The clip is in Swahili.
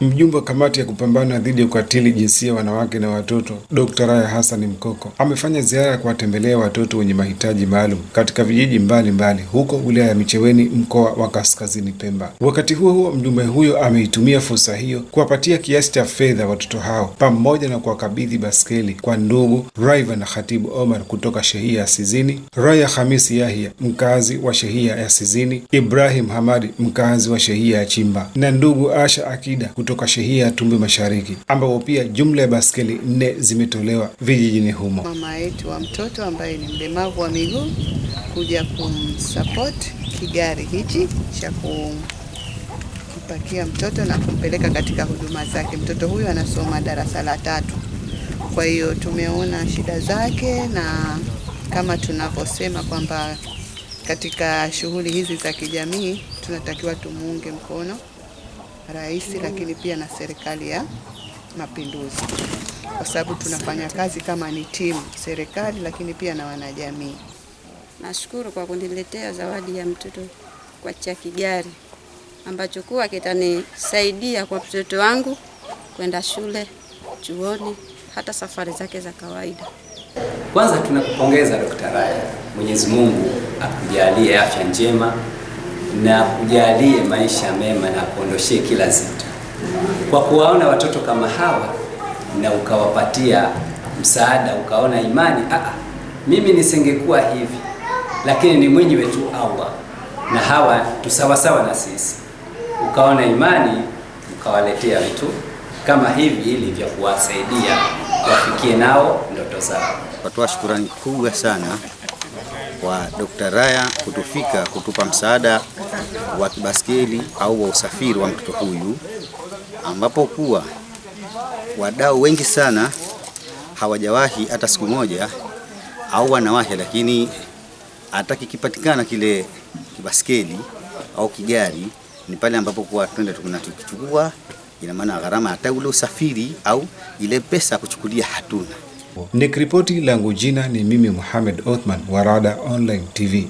Mjumbe wa kamati ya kupambana dhidi ya ukatili jinsia wanawake na watoto Dkt. Raya Hassan Mkoko amefanya ziara ya kuwatembelea watoto wenye mahitaji maalum katika vijiji mbalimbali mbali, huko wilaya ya Micheweni mkoa wa Kaskazini Pemba. Wakati huo huo, mjumbe huyo ameitumia fursa hiyo kuwapatia kiasi cha fedha watoto hao pamoja na kuwakabidhi baskeli kwa ndugu Raiva na Khatibu Omar kutoka shehia ya Sizini, Raya Hamisi Yahya mkazi wa shehia ya Sizini, Ibrahim Hamadi mkazi wa shehia ya Chimba na ndugu Asha Akida kutoka kutoka shehia tumbi Mashariki, ambapo pia jumla ya baskeli nne zimetolewa vijijini humo. Mama yetu wa mtoto ambaye ni mlemavu wa miguu kuja kumsupport kigari hichi cha kumpakia mtoto na kumpeleka katika huduma zake. Mtoto huyu anasoma darasa la tatu, kwa hiyo tumeona shida zake, na kama tunavyosema kwamba katika shughuli hizi za kijamii tunatakiwa tumuunge mkono rais, lakini pia na serikali ya mapinduzi, kwa sababu tunafanya kazi kama ni timu, serikali lakini pia na wanajamii. Nashukuru kwa kuniletea zawadi ya mtoto kwa cha kigari ambacho kuwa kitanisaidia kwa mtoto wangu kwenda shule, chuoni, hata safari zake za kawaida. Kwanza tunakupongeza Dkt. Raya, Mwenyezi Mungu akujalie afya njema na kujalie maisha mema na kuondoshee kila zito, kwa kuwaona watoto kama hawa na ukawapatia msaada, ukaona imani aa, ah, ah, mimi nisingekuwa hivi, lakini ni mwenye wetu Allah na hawa tusawasawa na sisi, ukaona imani ukawaletea vitu kama hivi ili vya kuwasaidia wafikie nao ndoto zao. Watoa shukurani kubwa sana wa Dr. Raya kutufika kutupa msaada wa kibaskeli au wa usafiri wa mtoto huyu, ambapo kuwa wadau wengi sana hawajawahi hata siku moja au wanawahi, lakini hata kikipatikana kile kibaskeli au kigari ni pale ambapo kuwa twende tunachukua, ina maana gharama hata ule usafiri au ile pesa ya kuchukulia hatuna. Nikiripoti langu jina ni mimi Muhammad Othman wa Rada Online TV.